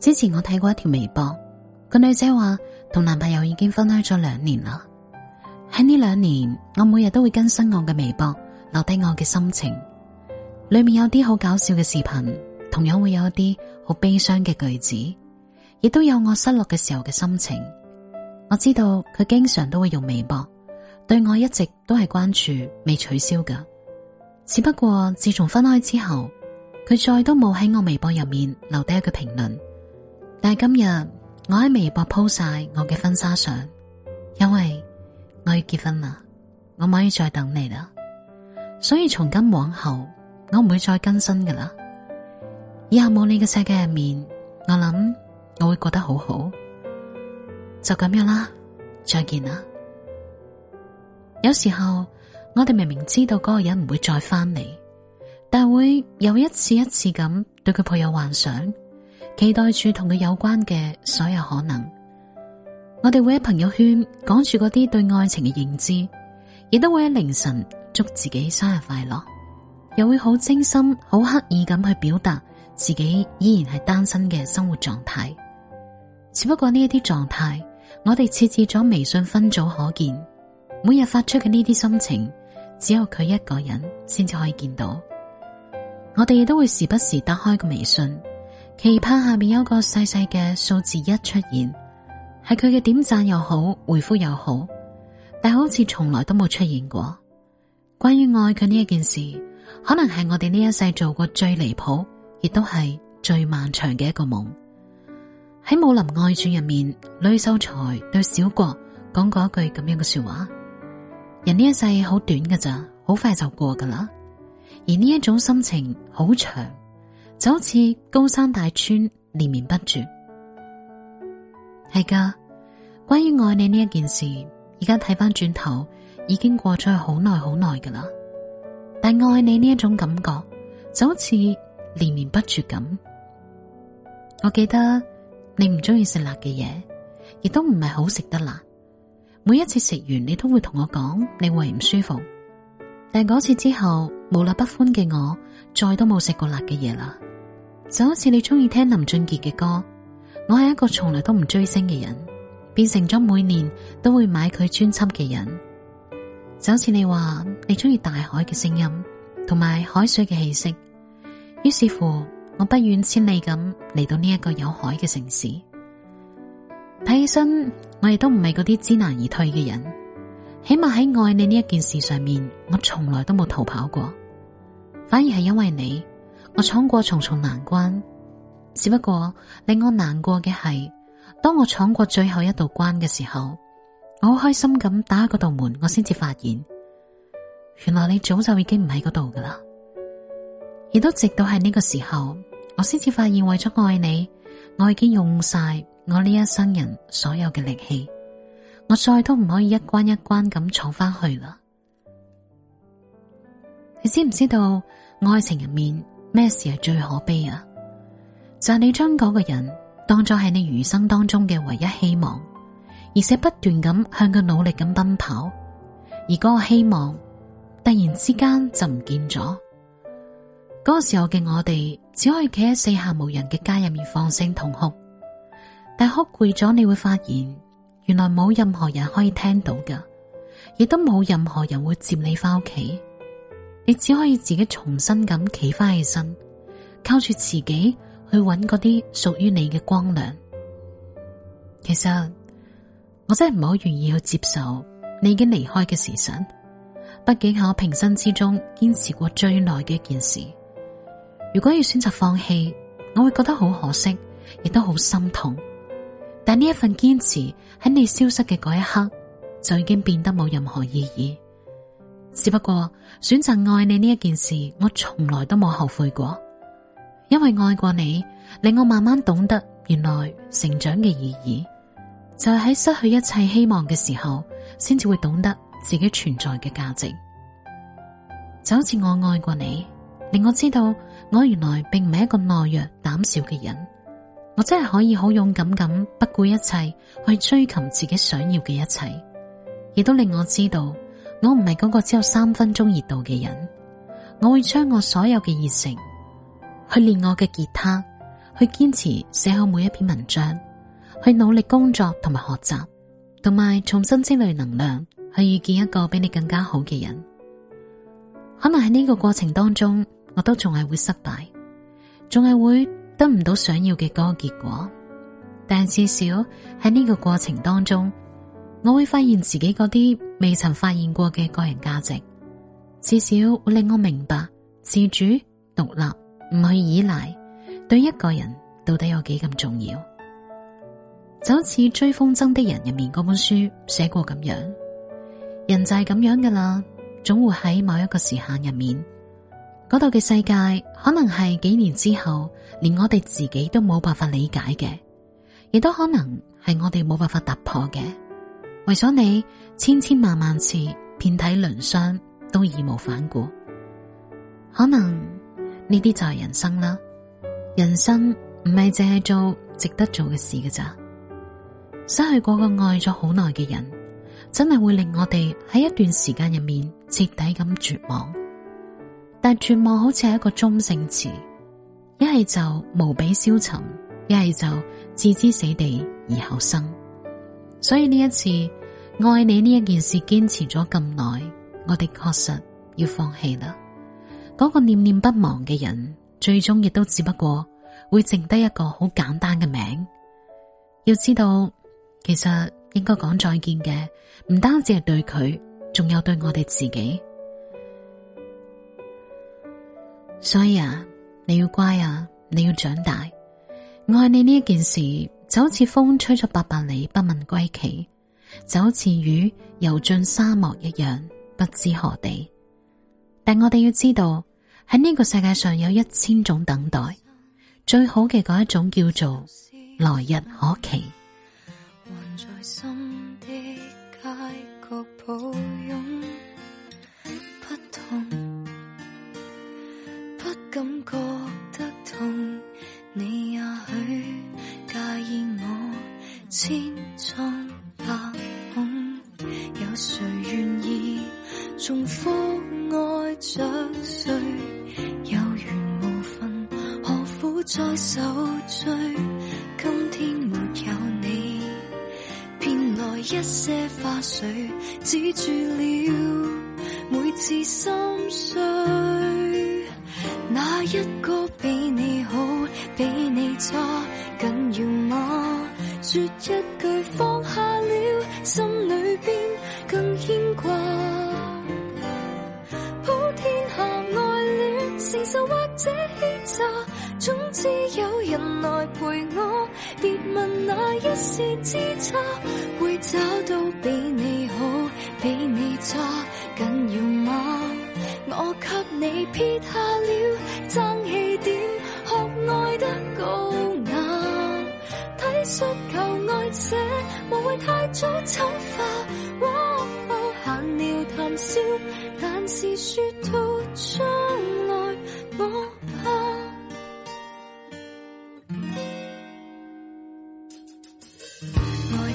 之前我睇過一條微博，個女仔話同男朋友已經分開咗兩年啦。喺呢兩年，我每日都會更新我嘅微博，留低我嘅心情。裏面有啲好搞笑嘅視頻，同樣會有一啲好悲傷嘅句子，亦都有我失落嘅時候嘅心情。我知道佢經常都會用微博對我一直都係關注，未取消噶。只不過自從分開之後，佢再都冇喺我微博入面留低一個評論。但係今日我喺微博鋪晒我嘅婚紗相，因為我要結婚啦，我唔可以再等你啦，所以從今往後我唔會再更新噶啦。以後冇你嘅世界入面，我諗我會過得好好，就咁樣啦，再見啦。有時候我哋明明知道嗰個人唔會再翻嚟，但係會又一次一次咁對佢抱有幻想。期待住同佢有關嘅所有可能，我哋會喺朋友圈講住嗰啲對愛情嘅認知，亦都會喺凌晨祝自己生日快樂，又會好精心、好刻意咁去表達自己依然係單身嘅生活狀態。只不過呢一啲狀態，我哋設置咗微信分組可見，每日發出嘅呢啲心情，只有佢一個人先至可以見到。我哋亦都會時不時打開個微信。期盼下面有個細細嘅數字一出現，係佢嘅點讚又好，回覆又好，但好似從來都冇出現過。關於愛佢呢一件事，可能係我哋呢一世做過最離譜，亦都係最漫長嘅一個夢。喺《武林外傳》入面，呂秀才對小郭講過一句咁樣嘅說話：人呢一世好短噶咋，好快就過噶啦。而呢一種心情好長。就好似高山大川連綿不絕，係噶。關於愛你呢一件事，而家睇翻轉頭，已經過咗去好耐好耐噶啦。但愛你呢一種感覺，就好似連綿不絕咁。我記得你唔鍾意食辣嘅嘢，亦都唔係好食得辣。每一次食完，你都會同我講你胃唔舒服。但嗰次之後，無辣不歡嘅我，再都冇食過辣嘅嘢啦。就好似你鍾意聽林俊傑嘅歌，我係一個從來都唔追星嘅人，變成咗每年都會買佢專輯嘅人。就好似你話你鍾意大海嘅聲音同埋海水嘅氣息，於是乎我不遠千里咁嚟到呢一個有海嘅城市。睇起身我亦都唔係嗰啲知難而退嘅人，起碼喺愛你呢一件事上面，我從來都冇逃跑過，反而係因為你。我闖過重重難關，只不過令我難過嘅係，當我闖過最後一道關嘅時候，我好開心咁打開嗰道門，我先至發現，原來你早就已經唔喺嗰度噶啦。亦都直到喺呢個時候，我先至發現為咗愛你，我已經用晒我呢一生人所有嘅力氣，我再都唔可以一關一關咁闖翻去啦。你知唔知道愛情入面，咩事係最可悲啊？就係、是、你將嗰個人當作係你餘生當中嘅唯一希望，而且不斷咁向佢努力咁奔跑，而嗰個希望突然之間就唔見咗。嗰、那個時候嘅我哋只可以企喺四下無人嘅街入面放聲痛哭，但哭攰咗，你會發現原來冇任何人可以聽到噶，亦都冇任何人會接你翻屋企。你只可以自己重新咁企翻起身，靠住自己去揾嗰啲屬於你嘅光亮。其實，我真係唔好願意去接受你已經離開嘅時辰，畢竟係我平生之中堅持過最耐嘅一件事。如果要選擇放棄，我會覺得好可惜，亦都好心痛。但呢一份堅持喺你消失嘅嗰一刻，就已經變得冇任何意義。只不過選擇愛你呢一件事，我從來都冇後悔過，因為愛過你，令我慢慢懂得原來成長嘅意義，就係喺失去一切希望嘅時候，先至會懂得自己存在嘅價值。就好似我愛過你，令我知道我原來並唔係一個懦弱膽小嘅人，我真係可以好勇敢咁不顧一切去追求自己想要嘅一切，亦都令我知道。我唔係嗰個只有三分鐘熱度嘅人，我會將我所有嘅熱誠去練我嘅吉他，去堅持寫好每一篇文章，去努力工作同埋學習，同埋重新積累能量去遇見一個比你更加好嘅人。可能喺呢個過程當中，我都仲係會失敗，仲係會得唔到想要嘅嗰個結果，但至少喺呢個過程當中。我會發現自己嗰啲未曾發現過嘅個人價值，至少會令我明白自主、獨立唔去依賴，對一個人到底有幾咁重要。就好似追風箏的人入面嗰本書寫過咁樣，人就係咁樣㗎喇，總會喺某一個時限入面，嗰度嘅世界，可能係幾年之後，連我哋自己都冇辦法理解嘅，亦都可能係我哋冇辦法突破嘅。為咗你千千萬萬次遍體鱗傷都義無反顧，可能呢啲就係人生啦。人生唔係淨係做值得做嘅事㗎咋。失去過個愛咗好耐嘅人，真係會令我哋喺一段時間入面徹底咁絕望。但絕望好似係一個中性詞，一係就無比消沉，一係就置之死地而後生。所以呢一次。愛你呢一件事堅持咗咁耐，我哋確實要放棄啦。嗰個念念不忘嘅人，最終亦都只不過會剩低一個好簡單嘅名。要知道，其實應該講再見嘅，唔單止係對佢，仲有對我哋自己。所以啊，你要乖啊，你要長大。愛你呢一件事，就好似風吹咗八百里，不問歸期。就好似魚游進沙漠一樣，不知何地。但我哋要知道喺呢個世界上有一千種等待，最好嘅嗰一種叫做來日可期。還在心的街角抱擁再受罪，今天沒有你，編來一些花絮，止住了每次心碎。那一個比你好，比你差緊要嗎？説一句放下了，心裏邊更牽掛。普天下愛戀，承受或者牽扯。知有人來陪我，別問那一線之差，會找到比你好、比你差緊要嗎？我給你撇下了，爭氣點，學愛得高雅，體恤求愛者，我謂太早醜我哇！閒聊談笑，但是説到終。